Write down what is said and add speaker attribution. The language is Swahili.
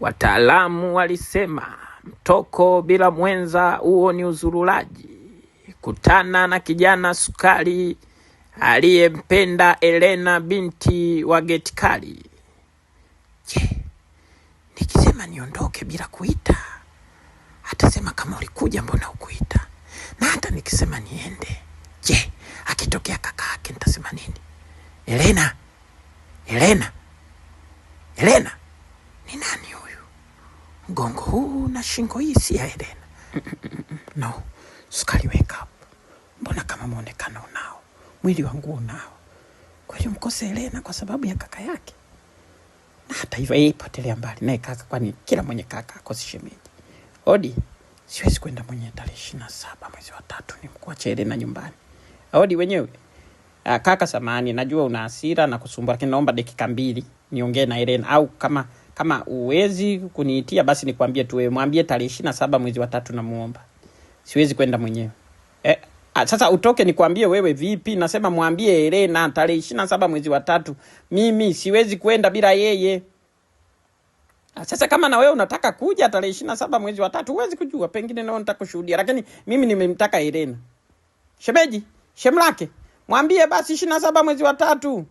Speaker 1: Wataalamu walisema mtoko bila mwenza huo ni uzurulaji. Kutana na kijana sukari aliyempenda Elena binti wa Getkali.
Speaker 2: Je, nikisema niondoke bila kuita atasema kama ulikuja mbona ukuita? Na hata nikisema niende, je, akitokea kaka yake nitasema nini? Elena, Elena, Elena ni nani? mgongo huu na shingo hii si ya Eden. No, sukari wake Mbona kama mwonekano unao, mwili wa nguo unao, kweli mkose Elena kwa sababu ya kaka yake? Na hata hivyo yeye potelea mbali naye kaka, kwani kila mwenye kaka akosi shemeji. Odi, siwezi kwenda mwenye tarehe ishiri na saba mwezi wa tatu ni mkuu acha Elena nyumbani. Odi wenyewe ah, kaka, samani najua una asira na kusumbua, lakini naomba dakika mbili niongee na Elena au kama kama uwezi kuniitia basi nikwambie tu mwambie tarehe ishirini saba mwezi wa tatu namuomba, siwezi kwenda mwenyewe eh. Ah, sasa utoke nikwambie wewe vipi? Nasema mwambie elena tarehe ishirini saba mwezi wa tatu mimi siwezi kwenda bila yeye. Ah, sasa kama na wewe unataka kuja tarehe ishirini saba mwezi wa tatu, huwezi kujua, pengine nao nitakushuhudia, lakini mimi nimemtaka elena Shemeji, shemlake, mwambie basi ishirini saba mwezi wa tatu.